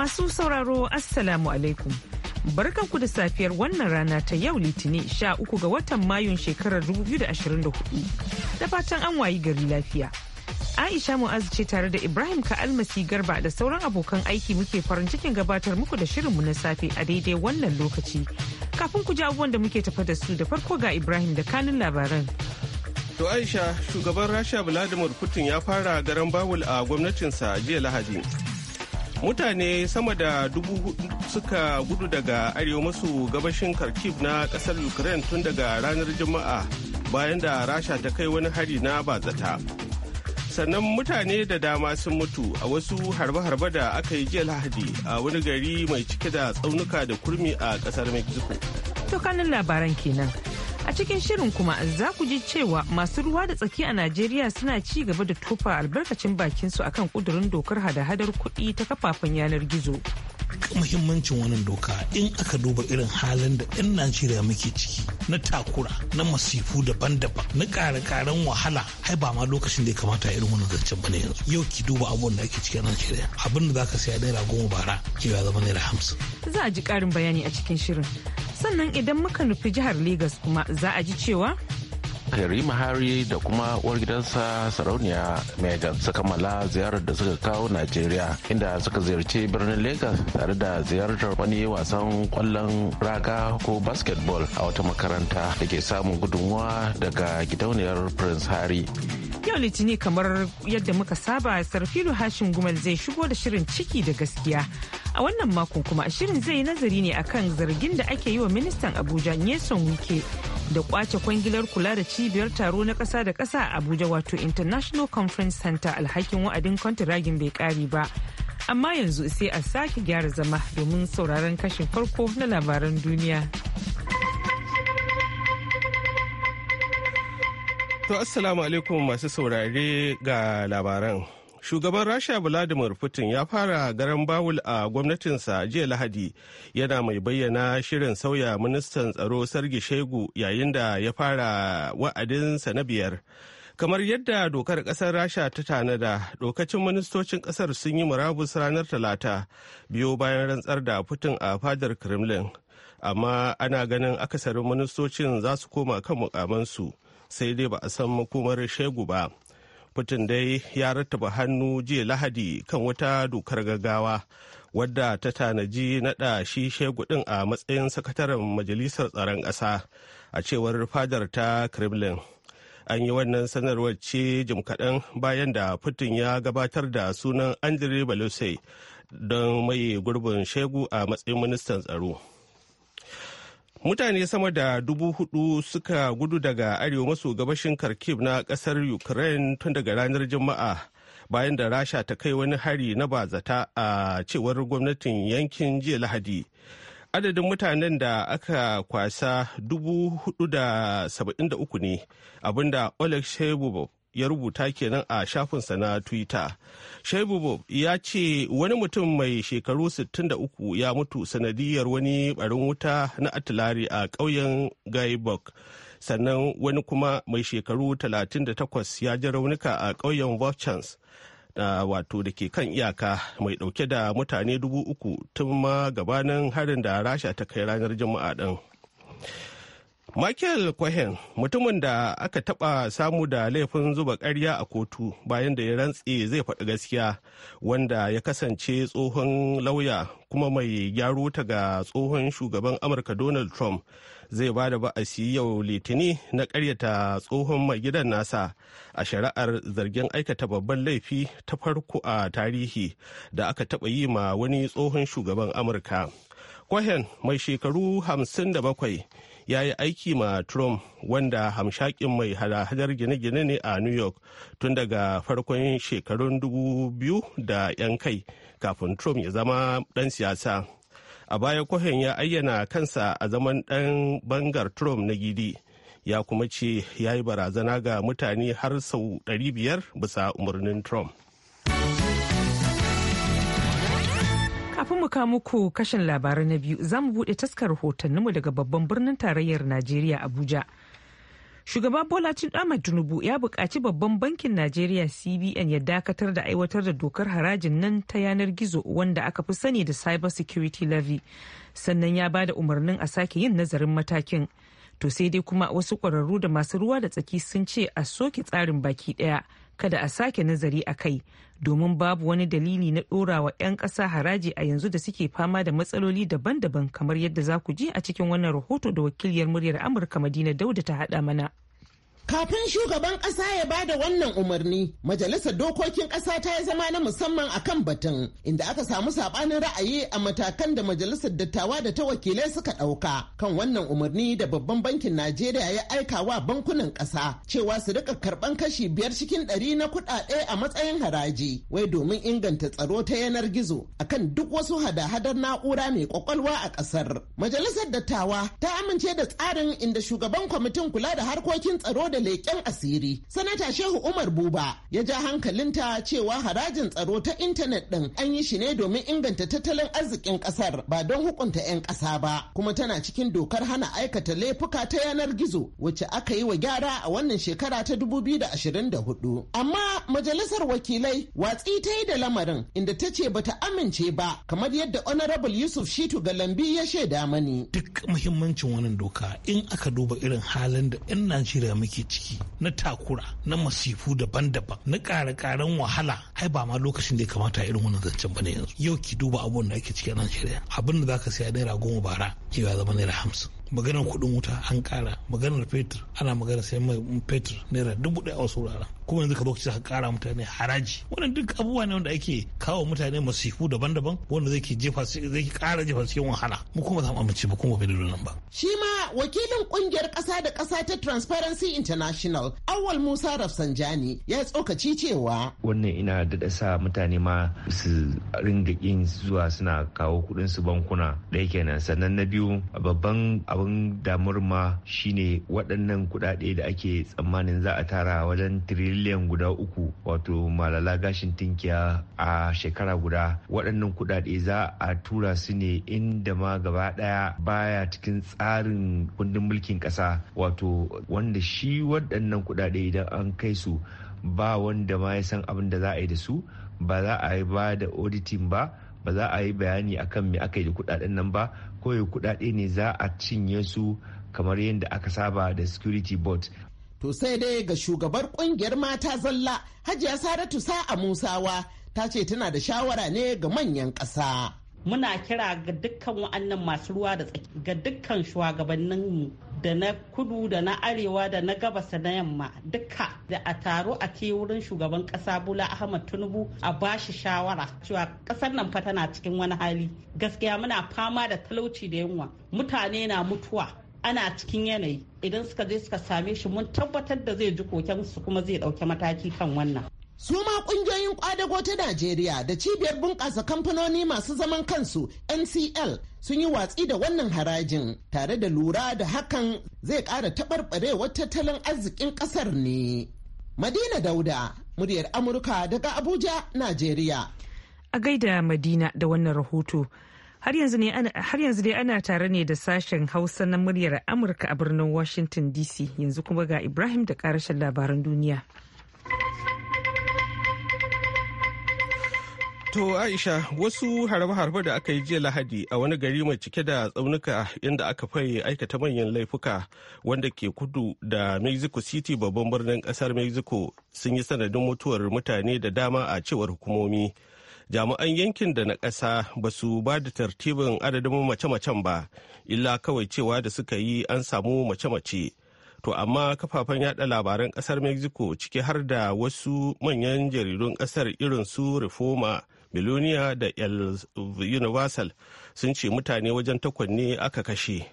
Masu sauraro Assalamu alaikum. Barkanku da safiyar wannan rana ta yau Litinin sha uku ga watan Mayun shekarar 2024. Da fatan an wayi gari lafiya. Aisha Mu'az ce tare da Ibrahim Ka'almasi Garba da sauran abokan aiki muke farin cikin gabatar muku da shirinmu na safe a daidai wannan lokaci. Kafin ku ji abubuwan da muke tafa da su da farko ga Ibrahim da kanin labaran. To Aisha, shugaban Rasha Vladimir Putin ya fara garan bawul a gwamnatinsa jiya Lahadi. mutane sama da dubu suka gudu daga arewa maso gabashin kharkiv na kasar ukraine tun daga ranar juma'a bayan da rasha ta kai wani hari na bazata sannan mutane da dama sun mutu a wasu harbe-harbe da aka yi jiya lahadi a wani gari mai cike da tsaunuka da kurmi a kasar mexico to kanin labaran kenan A cikin shirin kuma za ku ji cewa masu ruwa da tsaki a Najeriya suna ci gaba da tufa albarkacin bakinsu akan kudurin dokar hada-hadar kuɗi ta kafafen yanar gizo. muhimmancin wannan doka in aka duba irin halin da 'yan najeriya muke ciki na takura na masifu daban-daban na ƙaraƙaran wahala hai ba ma lokacin da ya kamata irin wannan zancen bane yanzu yau ki duba abubuwan da ake ciki a najeriya abin da zaka saya naira goma bara ke ya zama naira hamsin za a ji karin bayani a cikin shirin sannan idan muka nufi jihar Legas kuma za a ji cewa Rima Hari da kuma uwar gidansa sarauniya Megan su kammala ziyarar da suka kawo Najeriya inda suka ziyarci birnin Lagos tare da ziyartar wani wasan kwallon raga ko basketball a wata makaranta da ke samun gudunmuwa daga gidauniyar Prince Hari. Yau litini kamar yadda muka saba Sarfilu Hashim Gumal zai shigo da shirin ciki da gaskiya. A wannan makon kuma shirin zai nazari ne akan zargin da ake yi wa ministan Abuja Nyesom Wike da kwace kwangilar kula da cibiyar taro na ƙasa da ƙasa a abuja wato international conference center alhakin wa'adin kwantiragin bai ƙare ba amma yanzu sai a sake gyara zama domin sauraron kashin farko na labaran duniya to assalamu alaikum masu saurare ga labaran shugaban rasha vladimir putin ya fara garan bawul a gwamnatinsa jiya lahadi yana mai bayyana shirin sauya ministan tsaro sargi shegu yayin da ya fara wa'adinsa na biyar kamar yadda dokar kasar rasha ta tanada dokacin ministocin kasar sun yi murabus ranar talata biyo bayan rantsar da putin a fadar kremlin amma ana ganin akasarin ministocin za su koma kan mukamansu sai dai ba a san makomar shegu ba Putin dai ya rattaba hannu jiya Lahadi kan wata dokar gaggawa wadda ta tanaji naɗa shi shegudin a matsayin sakataren majalisar tsaron ƙasa a cewar fadar ta Kremlin. An yi wannan sanarwar ce jim kaɗan bayan da Putin ya gabatar da sunan andrew Belusey don maye gurbin shegu a matsayin ministan tsaro. mutane sama da dubu hudu suka gudu daga arewa maso gabashin kharkiv na kasar ukraine tun daga ranar juma'a bayan da rasha ta kai wani hari na bazata a cewar gwamnatin yankin jiya lahadi adadin mutanen da aka kwasa dubu hudu da saba'in da uku ne abinda oleg shebubov ya rubuta kenan a shafinsa na twitter shaibu bob ya ce wani mutum mai shekaru 63 ya mutu sanadiyar wani barin wuta na atilari a ƙauyen gaibok sannan wani kuma mai shekaru 38 ya ji raunuka a ƙauyen volchans na wato da ke kan iyaka mai ɗauke da mutane dubu tun ma gabanin harin da rasha ta kai ranar juma'a ɗin Michael Cohen mutumin da aka taɓa samu da laifin zuba karya a kotu bayan da ya rantse zai faɗi gaskiya wanda ya kasance tsohon lauya kuma mai gyaro ta ga tsohon shugaban Amurka Donald Trump zai ba da ba'asi yau litini na karyata tsohon mai gidan nasa a shari'ar zargin aikata babban laifi ta farko a tarihi da aka taɓa yi ma wani tsohon shugaban Amurka. Cohen mai shekaru 57 ya yi aiki ma Trump wanda hamshakin mai hada-hadar gine-gine ne a New York tun daga farkon shekarun dubu biyu da 'yan kai kafin Trump ya zama ɗan siyasa. A baya Cohen ya ayyana kansa a zaman ɗan bangar Trump na gidi. Ya kuma ce ya yi barazana ga mutane har sau 500 bisa umarnin Trump. muka muku kashin labarai na biyu za mu buɗe taskar mu daga babban birnin tarayyar Najeriya Abuja. Shugaba Bola Ahmad Tinubu ya buƙaci babban bankin Najeriya CBN ya dakatar da aiwatar da dokar harajin nan ta yanar gizo wanda aka fi sani da Cyber Security Levy. Sannan ya ba da umarnin a sake yin nazarin matakin. To sai dai kuma wasu ƙwararru da masu ruwa da tsaki sun ce a soke tsarin baki ɗaya kada a sake nazari a kai domin babu wani dalili na ɗorawa 'yan ƙasa haraji a yanzu da suke fama da matsaloli daban-daban kamar yadda za ku ji a cikin wannan rahoto da wakiliyar muryar amurka madina dauda ta haɗa mana. Kafin shugaban ƙasa ya ba da wannan umarni, Majalisar Dokokin Ƙasa ta yi zama na musamman a kan batun, inda aka samu saɓanin ra'ayi a matakan da Majalisar Dattawa da ta wakilai suka ɗauka kan wannan umarni da Babban Bankin Najeriya ya aika wa bankunan ƙasa cewa su rika karɓan kashi biyar cikin ɗari na kuɗaɗe a matsayin haraji, wai domin inganta tsaro ta yanar gizo akan duk wasu hada-hadar na'ura mai ƙwaƙwalwa a ƙasar. Majalisar Dattawa ta amince da tsarin inda shugaban kwamitin kula da harkokin tsaro da leƙen asiri sanata shehu umar buba ya ja hankalinta cewa harajin tsaro ta intanet ɗin an yi shi ne domin inganta tattalin arzikin ƙasar ba don hukunta 'yan ƙasa ba kuma tana cikin dokar hana aikata laifuka ta yanar gizo wacce aka yi wa gyara a wannan shekara ta da hudu amma majalisar wakilai watsi ta yi da lamarin inda ta ce bata amince ba kamar yadda honorable yusuf shitu galambi ya shaida mani duk muhimmancin wannan doka in aka duba irin halin da 'yan najeriya muke ake ciki na takura na masifu daban-daban na ƙara ƙaran wahala ai ba ma lokacin da ya kamata irin wannan zancen bane yanzu yau ki duba abubuwan da ake ciki a Najeriya abin da zaka saya naira goma bara ki ga zama naira hamsin maganar kuɗin wuta an ƙara maganar fetur ana maganar sayan mai fetur naira dubu ɗaya a wasu wuraren kuma yanzu ka zo ka kara mutane haraji wannan duk abubuwa ne wanda ake kawo mutane masifu daban-daban wanda zai ke jefa zai ke kara jefa cikin wahala mu kuma za mu amince ba kuma bai da nan ba shi ma wakilin kungiyar kasa da kasa ta Transparency International Awal Musa Rafsanjani ya tsokaci cewa wannan ina da sa mutane ma su ringa yin zuwa suna kawo kudin su bankuna ɗaya kenan sannan na biyu babban abin damar ma shine waɗannan kuɗaɗe da ake tsammanin za a tara wajen tiriliyan miliyan guda uku wato malala gashin tinkiya a shekara guda waɗannan kuɗaɗe za a tura su ne inda ma gaba ɗaya baya cikin tsarin kundin mulkin ƙasa wato wanda shi waɗannan kuɗaɗe idan an kai su ba wanda ma ya san abin da za a yi da su ba za a yi ba da auditing ba ba za a yi bayani akan me aka yi da kuɗaɗen nan ba kawai kuɗaɗe ne za a cinye su kamar yadda aka saba da security board To sai dai ga shugabar kungiyar mata zalla Hajiya Saratu Sa'a Musawa ta ce tana da shawara ne ga manyan ƙasa. Muna kira ga dukkan wa'annan masu ruwa da tsaki ga dukkan shugabannin da na kudu da na arewa da na gabas da na yamma duka da a taro a ke wurin shugaban kasa bula ahmad tinubu a bashi shawara cewa kasar nan fa tana cikin wani hali gaskiya muna fama da talauci da yunwa mutane na mutuwa ana cikin yanayi idan suka je suka same shi mun tabbatar da zai ji koken su kuma zai ɗauki mataki kan wannan su ma kungiyoyin kwadago ta Najeriya da cibiyar bunƙasa kamfanoni masu zaman kansu NCL sun yi watsi da wannan harajin tare da lura da hakan zai ƙara taɓarɓarewar tattalin arzikin ƙasar ne. Madina Dauda, muryar Amurka daga Abuja, Najeriya. A gaida Madina da wannan rahoto. Har yanzu ne ana tare ne da sashen Hausa na muryar Amurka a birnin Washington DC yanzu kuma ga Ibrahim da karashin labaran duniya. To Aisha wasu harbe-harbe da aka yi jiya Lahadi a wani gari mai cike da tsaunuka inda aka fai aikata manyan laifuka wanda ke kudu da Mexico City babban birnin kasar Mexico sun yi sanadin mutuwar mutane da dama a cewar hukumomi. jami'an yankin da na ƙasa ba su ba da tartibin adadin mace-macen ba illa kawai cewa da suka yi an samu mace-mace to amma kafafen yada labaran ƙasar mexico ciki har da wasu manyan jaridun ƙasar irin su reforma milonia da el universal sun ce mutane wajen takwanne aka kashe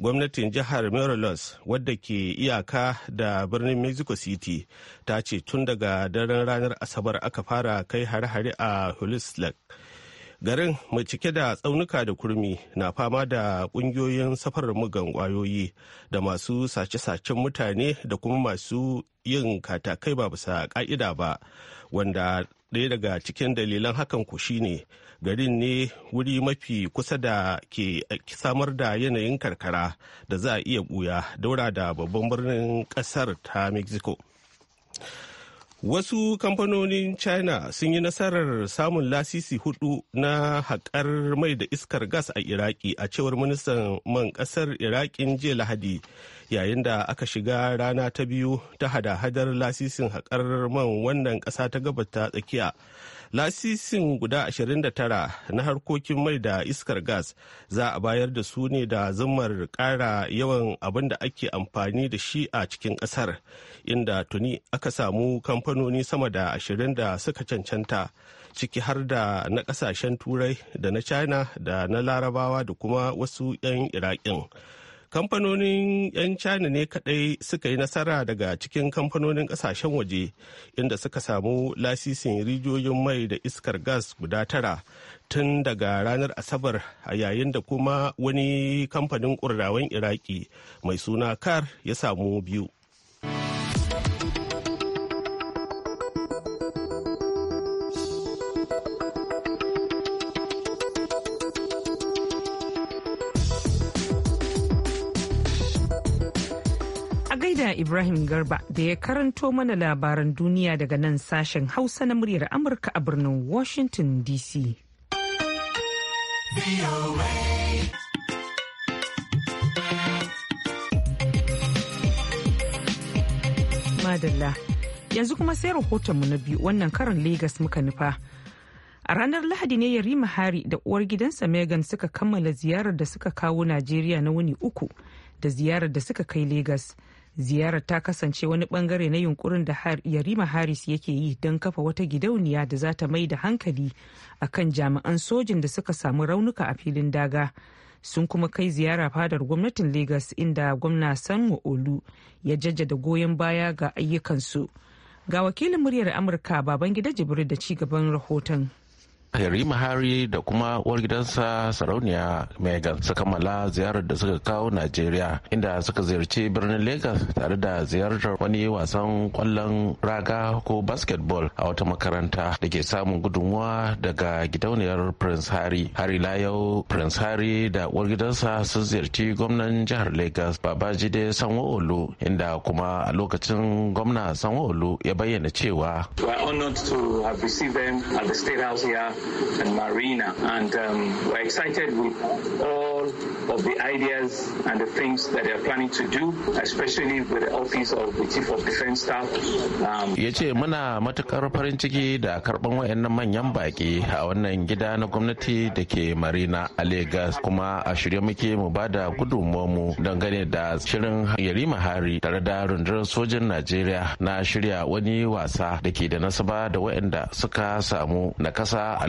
gwamnatin jihar morelos wadda ke iyaka da birnin mexico city ta ce tun daga daren ranar asabar aka fara kai hare-hare a Hulislek. garin mai cike da tsaunuka da kurmi na fama da kungiyoyin safar mugan kwayoyi da masu sace-sacen mutane da kuma masu yin katakai ba bisa ka'ida ba wanda ɗaya daga cikin dalilan hakan ku shine garin ne wuri mafi kusa da ke samar da yanayin karkara da za a iya buya daura da babban birnin ƙasar ta mexico Wasu kamfanonin China sun yi nasarar samun lasisi hudu na haƙar mai da iskar gas a Iraki a cewar ministan man ƙasar Iraƙin jiya Lahadi yayin da aka shiga rana ta biyu ta hada-hadar lasisin haƙar man wannan ƙasa ta gabata tsakiya lasisin guda 29 na harkokin mai da iskar gas za a bayar da su ne da zumar kara yawan abin da ake amfani da shi a cikin kasar inda tuni aka samu kamfanoni sama da 20 da suka cancanta ciki har da na ƙasashen turai da na china da na larabawa da kuma wasu 'yan iraƙin. kamfanonin 'yan china ne kadai suka yi nasara daga cikin kamfanonin kasashen waje inda suka samu lasisin rijiyoyin mai da iskar gas guda tara tun daga ranar asabar a yayin da kuma wani kamfanin ƙurrawan iraki mai suna kar ya samu biyu Ibrahim Garba da ya karanto mana labaran duniya daga nan sashen Hausa na muryar Amurka a birnin Washington DC. Madalla, yanzu kuma sai rahotonmu na biyu wannan karan Legas muka nufa. A ranar Lahadi ne Yarima Hari da uwar gidansa Megan suka kammala ziyarar da suka kawo Najeriya na wani uku da ziyarar da suka kai Legas. ziyarar ta kasance wani bangare na yunkurin da yarima harris yake yi don kafa wata gidauniya da za ta mai da hankali a kan jami'an sojin da suka samu raunuka a filin daga sun kuma kai ziyara fadar gwamnatin lagos inda gwamna sanwo olu ya jajjada goyon baya ga ayyukansu ga wakilin muryar amurka Babangida jibril da ci gaban rahoton Rima Hari da kuma uwar gidansa Sarauniya Megan su kammala ziyarar da suka kawo Najeriya inda suka ziyarci birnin Lagos tare da ziyartar wani wasan kwallon raga ko basketball a wata makaranta da ke samun gudunmuwa daga gidauniyar Prince Hari. Hari yau Prince Hari da uwar gidansa sun ziyarci gwamnan jihar Lagos Babajide Sanwo-Olu inda kuma a lokacin gwamna Sanwo-Olu ya bayyana cewa. We are honored to have received them at the State House here and Marina. And um, we're excited with all of the ideas and the things that they are planning to do, especially with the Office of the Chief of Defense Staff. Um, ya ce muna matukar farin ciki da karban wayannan manyan baki a wannan gida na gwamnati da ke marina a lagos kuma a shirye muke mu ba da gudunmu dangane da shirin yarima hari tare da rundunar sojin najeriya na shirya wani wasa da ke da nasaba da wayanda suka samu nakasa a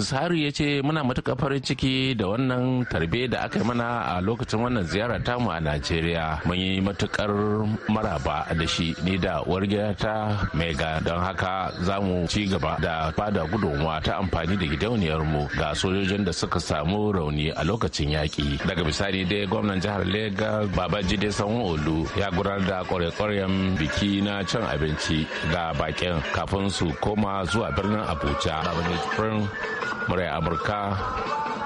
Ansaru ya ce muna matuƙar farin ciki da wannan tarbe da aka yi mana a lokacin wannan ziyara tamu a Najeriya. Mun yi matuƙar maraba da shi ni da uwar ta Mega don haka za mu ci gaba da bada gudunmuwa ta amfani da gidauniyarmu ga sojojin da suka samu rauni a lokacin yaƙi. Daga bisani dai gwamnan jihar Legas Babajide Sanwo-Olu ya gudanar da ƙwarya biki na cin abinci ga bakin kafin su koma zuwa birnin Abuja. murai amurka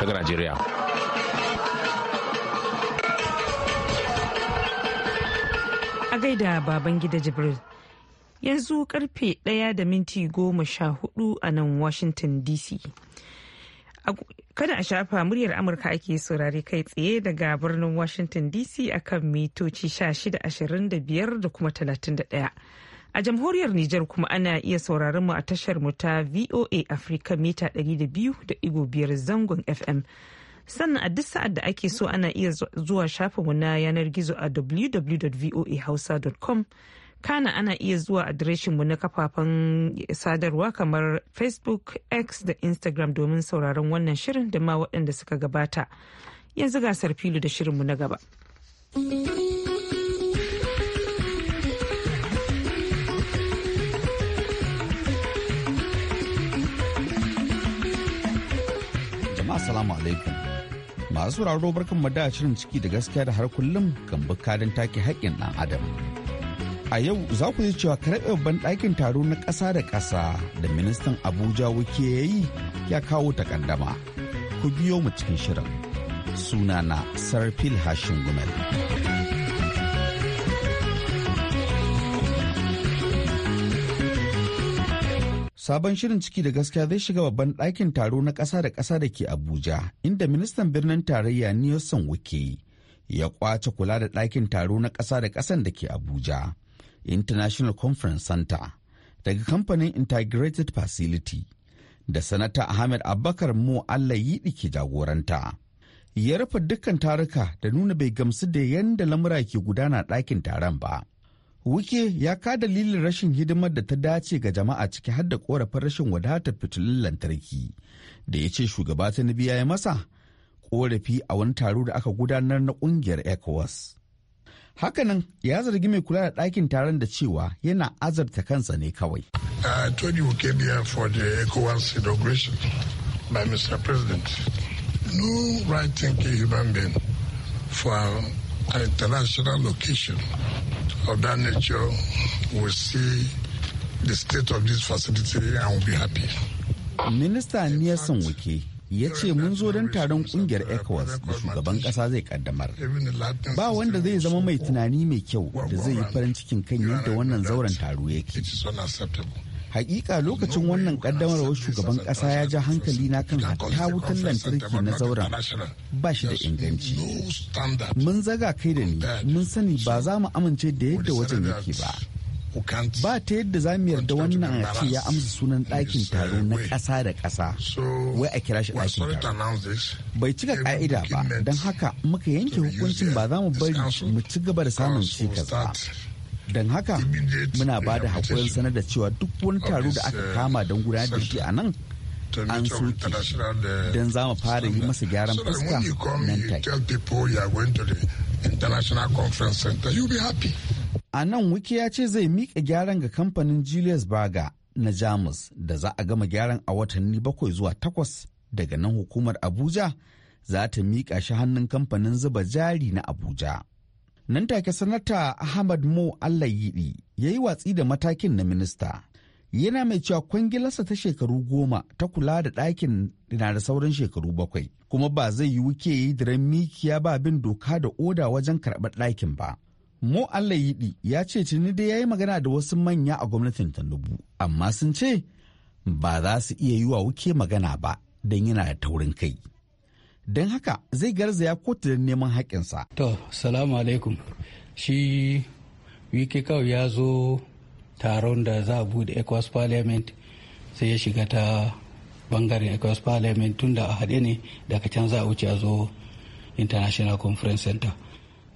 daga najeriya a gaida baban gida jibril yanzu karfe ɗaya da minti goma sha hudu a nan washington dc kada a shafa muryar amurka ake saurari kai tsaye daga birnin washington dc akan mitoci sha shida 1625 da kuma 31 A jamhuriyar Nijar kuma ana iya sauraron mu a tashar mu ta VOA Africa mita 200.5 zangon FM. Sannan a duk sa'ad da ake so ana iya zuwa shafinmu na yanar gizo a www.voahausa.com. Kana ana iya zuwa adireshinmu na kafafen sadarwa kamar Facebook, X da Instagram domin sauraron wannan shirin da ma waɗanda suka gabata. Yanzu gasar Sarfilu da shirinmu na gaba. Assalamu alaikum masu sauraro barkan mu da shirin ciki da gaskiya da har kullum kan bukadin take haƙƙin ɗan adam a yau za ku ji cewa karɓe babban ɗakin taro na ƙasa da ƙasa da ministan abuja wuke ya yi ya kawo takaddama ku biyo mu cikin shirin sunana sarfil hashin gumel. Sabon shirin ciki da gaskiya zai shiga babban ɗakin taro na ƙasa da ƙasa da ke Abuja, inda ministan birnin tarayya Nielsen wuke ya kwace kula da ɗakin taro na ƙasa da ƙasan da ke Abuja, International Conference Center, daga kamfanin Integrated Facility, da Sanata Ahmed Abubakar Mo Allah Yiɗi ke jagoranta. Ya rufe dukkan taruka da nuna bai gamsu da yadda lamura ke gudana ɗakin taron ba. Wuke ya ka dalilin rashin hidimar da ta dace ga jama'a ciki har da korafin rashin wadatar fitilun lantarki da ya ce shugaba ta biya ya masa korafi a wani taro da aka gudanar na kungiyar ECOWAS. Hakanan ya zargi mai kula da ɗakin taron da cewa yana azarta kansa ne kawai. I told you for international location of that nature will see the state of this facility and will be happy. Minista Nielsen ya ce mun zo don taron kungiyar ECOWAS da shugaban kasa zai kaddamar. Ba wanda zai zama mai tunani mai kyau da zai yi farin cikin kan yadda wannan zauren taro yake. hakika lokacin wannan kaddamarwar shugaban kasa ya ja hankali na kan hatta wutan lantarki na zauren ba shi da inganci mun zaga kai da ni mun sani ba za mu amince da yadda wajen yake ba ba ta yadda za mu yarda wannan a ce ya amsa sunan ɗakin taro na ƙasa da ƙasa wai a kira shi ɗakin taro bai cika ƙa'ida ba don haka muka yanke hukuncin ba za mu bari mu ci gaba da samun cikas ba don haka muna ba da haƙurin sanar da cewa duk wani taro da aka kama don gudanar da shi a nan an soke don za mu fara yi masa gyaran fuska nan take. A nan wiki ya ce zai miƙa gyaran ga kamfanin Julius Berger na Jamus da za a gama gyaran a watanni bakwai zuwa takwas daga nan hukumar Abuja za ta miƙa shi hannun kamfanin zuba jari na Abuja. Nan take sanata Ahmad Mo Allah Yiɗi ya yi watsi da matakin na minista. Yana mai cewa kwangilarsa ta shekaru goma ta kula da ɗakin na da sauran shekaru bakwai, kuma ba zai yi wuke yi diren mikiya ba bin doka da oda wajen karɓar ɗakin ba. Mo Allah Yiɗi ya ce tuni dai ya yi magana da wasu manya a gwamnatin Tinubu, amma sun ce ba za su iya yi wa wuke magana ba don yana da taurin kai. don haka zai garzaya kotu da neman haƙƙinsa. To, salamu alaikum. Shi wiki kawai ya zo taron da za a bude ECOWAS Parliament sai ya shiga ta bangaren ECOWAS Parliament tun da a haɗe ne daga can za a wuce a zo International Conference Center.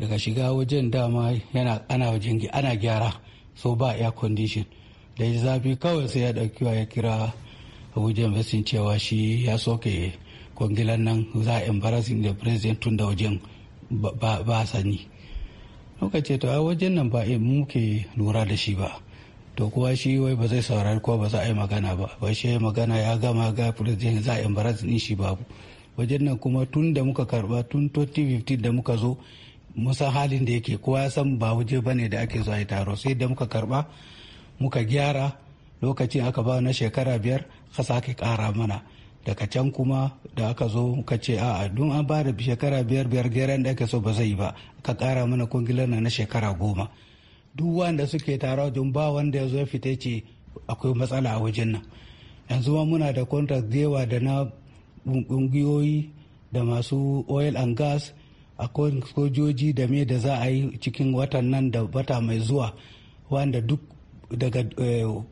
Daga shiga wajen dama yana ana wajen ana gyara so ba air condition. Da zafi kawai sai ya ɗauki wa ya kira wajen basin cewa shi ya soke kwangilan nan za a embarrassing da president tun da wajen ba sani muka ce to a wajen nan ba eh, muke lura da shi ba to kuwa shi wai ba zai saurari ko ba za a yi magana ba ba shi ya magana ya gama ga president za a embarrassing din shi babu wajen nan kuma tun da muka karba tun 2015 da muka zo musa halin da yake kowa ya san ba waje bane da ake zuwa taro sai da muka karba muka gyara lokacin aka ba na shekara biyar kasa ake kara mana daga can kuma da aka zo ka ce a'a don an ba da shekara biyar biyar geren da ake so ba zai yi ba ka kara mana kungilar na shekara goma duk wanda suke tara don ba wanda ya zo fita ce akwai matsala a wajen nan yanzu ma muna da contract yawa da na kungiyoyi da masu oil and gas akwai sojoji da me da za a yi cikin watan nan da bata mai zuwa wanda duk daga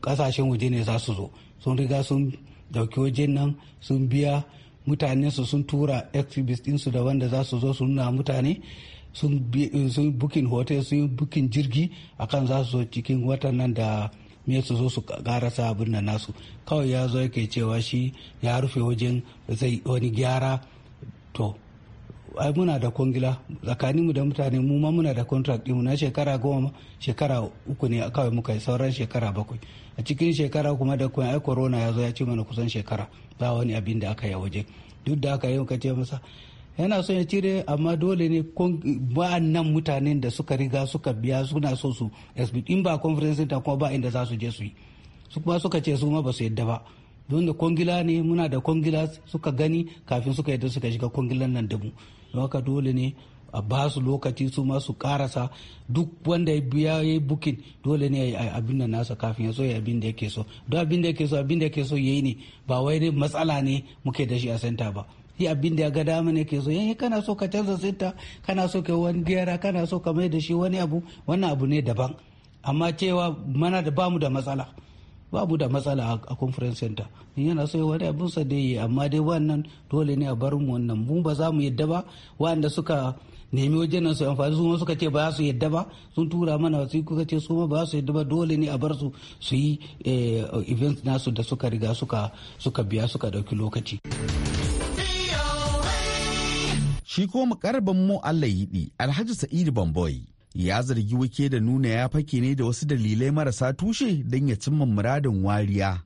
kasashen eh, waje ne za su zo sun riga sun dauki wajen nan sun biya mutane su sun tura exhibits ɗinsu da wanda za su zo su nuna mutane sun bukin hotel sun bukin jirgi akan za su zo cikin watan nan da me su zo su karasa abin da nasu kawai ya zo yake cewa shi ya rufe wajen zai wani gyara to ai muna da kwangila tsakanin mu da mutane mu ma muna da contract ɗinmu na shekara goma shekara uku ne kawai muka yi sauran shekara bakwai a cikin shekara kuma da kuma ai corona ya zo ya ci mana kusan shekara ba wani abin da aka yi waje duk da aka yi ka ce masa yana son ya cire amma dole ne nan mutanen da suka riga suka biya suna so su in ba conference center kuma ba inda za su je su yi su kuma suka ce su ma ba su yadda ba don da kongila ne muna da kongila suka gani kafin suka yadda suka shiga kongilan nan da mu don haka dole ne a ba su lokaci su ma su karasa duk wanda ya biya ya yi bukin dole ne a abin da nasa kafin ya so ya abin da yake so don abin da yake so abin da yake so ya yi ne ba wai ne matsala ne muke da shi a senta ba yi abin da ya ga dama ne ke so yayi eh, kana so ka canza senta kana so ka wani gyara kana so ka mai da shi wani abu wannan abu ne daban amma cewa mana da bamu da matsala babu da matsala a conference center in yana so wani abin sa dai amma dai wannan dole ne a bar mu wannan mu ba za mu yadda ba wanda suka nemi wajen nan su amfani su suka ce ba su yadda ba sun tura mana wasu kuka ce su ma ba su yadda ba dole ne a bar su su yi eh, events nasu da suka riga suka suka biya suka dauki lokaci shi ko karban mu Allah yidi Alhaji Sa'idu Bamboyi ya zargi wike da nuna ya fake ne da wasu dalilai marasa tushe don ya cimma muradin wariya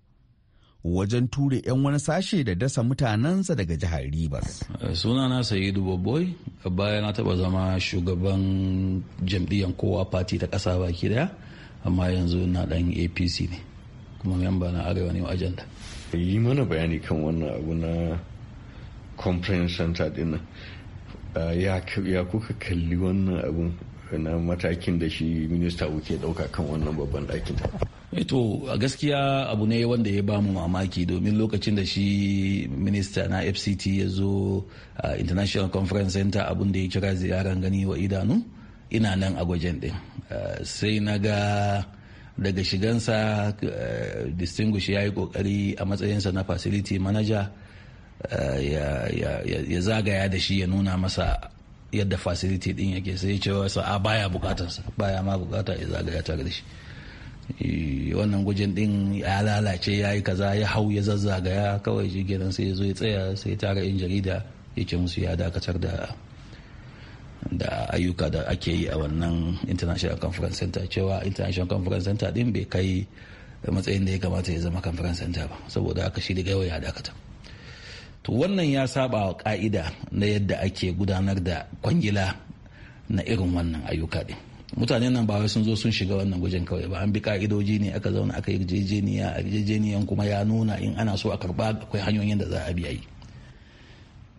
wajen ture 'yan wani sashe da dasa mutanensa daga jihar Ribas. Eh, sunana Sayidu boy baya na taba zama shugaban jam'iyyar kowa fati ta ƙasa baki daya, amma yanzu na ɗan APC ne, kuma memba na arewa ne ajanda. Yi mana bayani kan wannan abu na conference center ɗin eh, ya kuka kalli wannan abun na matakin da shi minista wuke dauka kan wannan babban ɗakin eh to a gaskiya abu ne wanda ya bamu mamaki domin lokacin da shi minista na fct ya zo a international conference center abun da ya kira ziyaran gani wa idanu ina nan a gwajen din eh, sai na ga daga shigansa eh, distinguish ya yi kokari a matsayinsa na facility manager ya zagaya da shi ya nuna masa yadda facility din yake sai ce wasa a baya bukatarsa baya ma bukata ya zagaya ta shi e, wannan gujin din ya lalace ya yi kaza ya hau ya zazzagaya kawai shi gidan sai ya zo ya tsaya sai tara yan jarida ya ce musu ya dakatar da da ayyuka da ake yi a wannan international conference center cewa international conference center din bai kai matsayin da ya kamata ya zama conference center ba saboda aka shi da gaiwa ya dakatar to wannan ya saba wa ka'ida na yadda ake gudanar da kwangila na irin wannan ayyuka din mutane nan ba wai sun zo sun shiga wannan gujin kawai ba an bi ka'idoji ne aka zauna aka yarjejeniya a jejeniyan kuma ya nuna in ana so a karba akwai hanyoyin da za a biya yi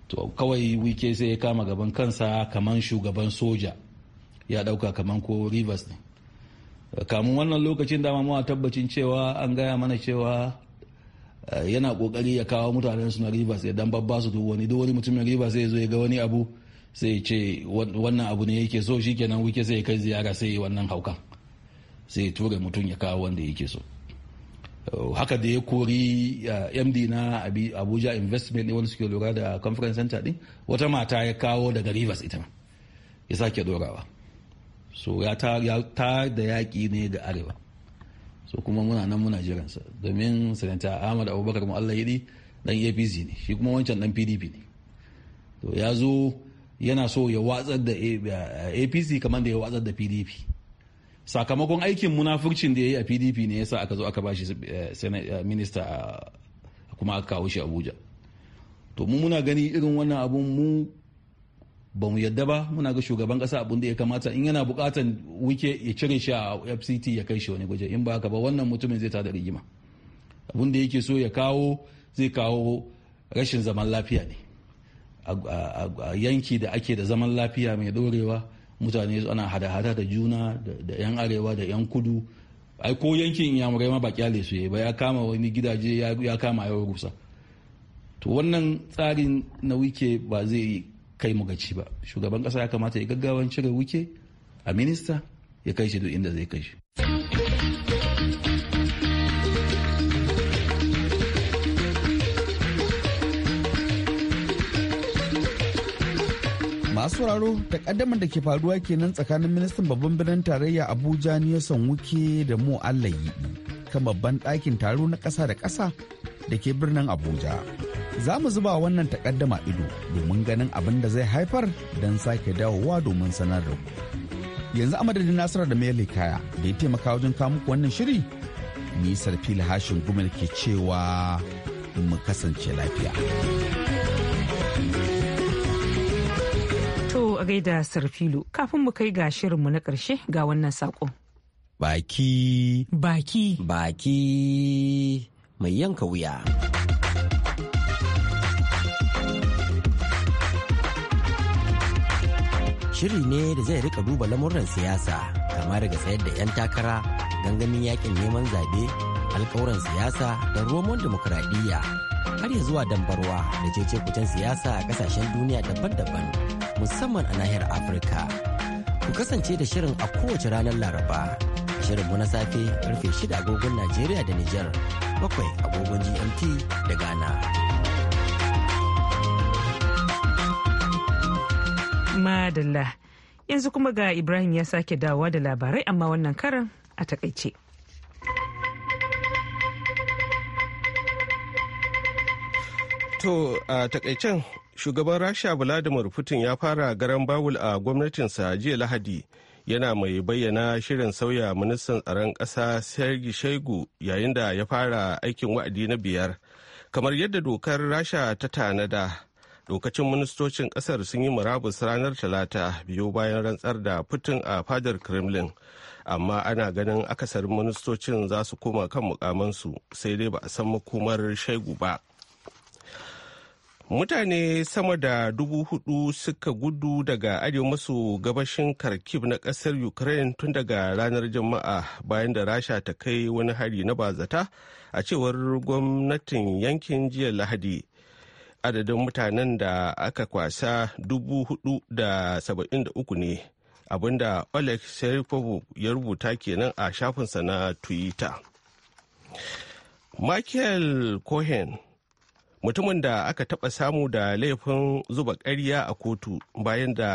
to kawai wike sai ya kama gaban kansa kaman shugaban soja ya dauka kaman ko rivers ne kamun wannan lokacin dama mawa tabbacin cewa an gaya mana cewa Eh, yana kokari ya kawo mutanen su na rivers ya dan babba su duk wani duk wani mutumin rivers sai ya zo ya ga wani abu sai ce wannan abu ne yake so shikenan wuke sai kai ziyara sai wannan haukan sai tura mutum ya kawo wanda yake so eh, haka da ya kori eh, md na abuja investment ne wani suke lura da conference center din wata mata ya kawo daga rivers ita ya sake dorawa so ya ta da yaki ne ga arewa so kuma muna nan muna jiransa domin sanata ahmad abubakar mu allah yadi dan apc ne shi kuma wancan dan pdp ne to ya zo yana so ya watsar da apc kamar da ya watsar da pdp sakamakon aikin munafurcin da ya yi a pdp ne yasa aka zo aka ba shi eh, eh, minista kuma aka kawo shi abuja to mu muna gani irin wannan abun mu ba mu yadda ba muna ga shugaban kasa abin da ya kamata in yana bukatan wike ya cire shi a fct ya kai shi wani guje in ba haka ba wannan mutumin zai tada rigima abin da yake so ya kawo zai kawo rashin zaman lafiya ne a yanki da ake da zaman lafiya mai dorewa mutane ana hada-hada da juna da 'yan arewa da 'yan kudu ai ko yankin yamurai ma ba kyale su ba ya kama wani gidaje ya kama yawan rusa to wannan tsarin na wike ba zai kai mu gaci ba shugaban kasa ya kamata ya gaggawan cire wuke a minista ya kai shi duk inda zai kai shi masu sauraro takaddamar da ke faruwa kenan tsakanin ministan babban birnin tarayya abuja ne son wuke da mu allah kan babban ɗakin taro na ƙasa da ƙasa da ke birnin abuja za mu zuba wannan takaddama ido domin ganin abin da zai haifar don sake dawowa domin sanar da ku. Yanzu a madadin Nasiru da Mele Kaya da ya taimaka wajen kawo muku wannan shiri, ni Sarfila Hashin Gumel ke cewa mu kasance lafiya. To a gaida Sarfilu kafin mu kai ga shirinmu na ƙarshe ga wannan saƙo. Baki. Baki. Baki. Mai yanka wuya. shiri ne da zai rika duba lamuran siyasa kama daga sayar da 'yan takara gangamin yakin neman zaɓe alkawuran siyasa da romon demokuraɗiyya har ya zuwa dambarwa da cece kucen siyasa a kasashen duniya daban-daban musamman a nahiyar afirka ku kasance da shirin a kowace ranar laraba shirin mu na safe karfe 6 agogon najeriya da niger bakwai agogon gmt da ghana Madalla. Yanzu kuma ga Ibrahim ya sake dawowa da labarai amma wannan karan a takaice. To a takaicen shugaban Rasha Vladimir Putin ya fara garan bawul a gwamnatinsa jiya Lahadi. yana mai bayyana shirin sauya ministan tsaron ƙasa sergi shaigu yayin da ya fara aikin wa'adi na biyar kamar yadda dokar rasha ta tanada dokacin ministocin kasar sun yi murabus ranar talata biyu bayan rantsar da fitin a fadar kremlin amma ana ganin akasarin ministocin za su koma kan mukamansu sai dai ba a san makomar shaigu ba mutane sama da dubu hudu suka gudu daga arewa masu gabashin kharkiv na kasar ukraine tun daga ranar jama'a bayan da rasha ta kai wani hari na bazata a cewar gwamnatin yankin jiya lahadi adadin mutanen da aka kwasa 473 ne abinda oleg sharipov ya rubuta kenan a shafinsa na twitter michael cohen mutumin da aka taɓa samu da laifin zuba karya a kotu bayan da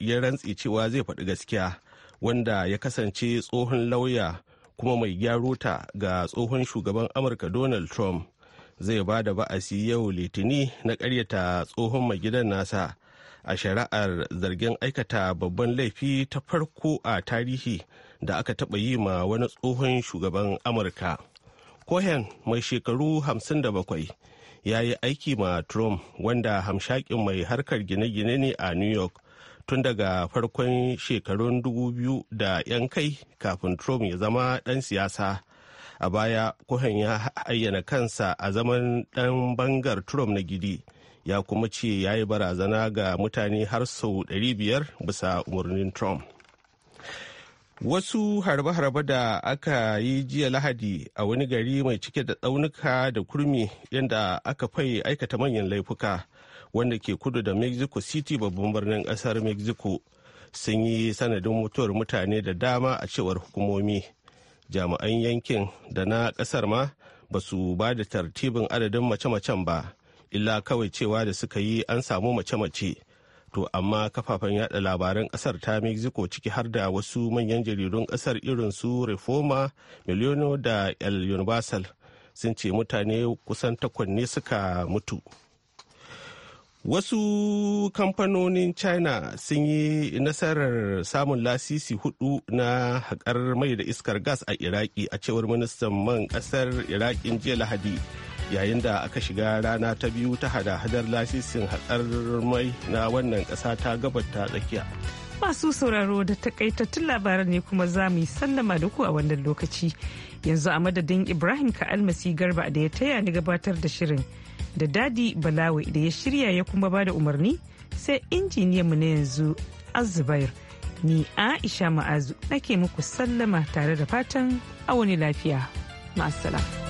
ya rantse cewa zai faɗi gaskiya wanda ya kasance tsohon lauya kuma mai gyaruta ga tsohon shugaban amurka donald trump zai ba da ba'asi yau litini na karyata tsohon mai gidan nasa a shari'ar zargin aikata babban laifi ta farko a tarihi da aka taɓa yi ma wani tsohon shugaban amurka cohen mai shekaru 57 ya yi aiki ma trump wanda hamshakin mai harkar gine-gine ne a new york tun daga farkon shekarun 2000 da 'yan kai kafin trump ya zama ɗan siyasa a baya kuhan ya ayyana kansa a zaman dan bangar trump na gidi ya kuma ce ya yi barazana ga mutane har sau 500 bisa umarnin trump wasu harbe-harbe da aka yi jiya lahadi a wani gari mai cike da tsaunuka da kurmi yadda aka fai aikata manyan laifuka wanda ke kudu da mexico city babban birnin kasar mexico sun yi sanadin mutuwar mutane da dama a cewar hukumomi jami'an yankin da na kasar ma ba su ba da tartibin adadin mace-macen ba illa kawai cewa da suka yi an samu mace-mace to amma kafafen yada labaran kasar ta mexico ciki har da wasu manyan jaridun kasar irin su reforma miliyono da el universal sun ce mutane kusan takwanne suka mutu Wasu kamfanonin China sun yi nasarar samun lasisi hudu na haƙar mai da iskar gas a Iraki a cewar ministan man ƙasar Iraki jiya Lahadi yayin da aka shiga rana ta biyu ta hada-hadar lasisin haƙar mai na wannan ƙasa ta gabata tsakiya. masu sauraro da takaitattun labaran ne kuma za mu yi sallama da ku a wannan lokaci yanzu a madadin ibrahim ka almasi garba da ya taya ni gabatar da shirin da dadi balawi da ya shirya ya kuma ba da umarni sai mu na yanzu azubair ni aisha ma'azu nake muku sallama tare da fatan a wani lafiya ma'asala.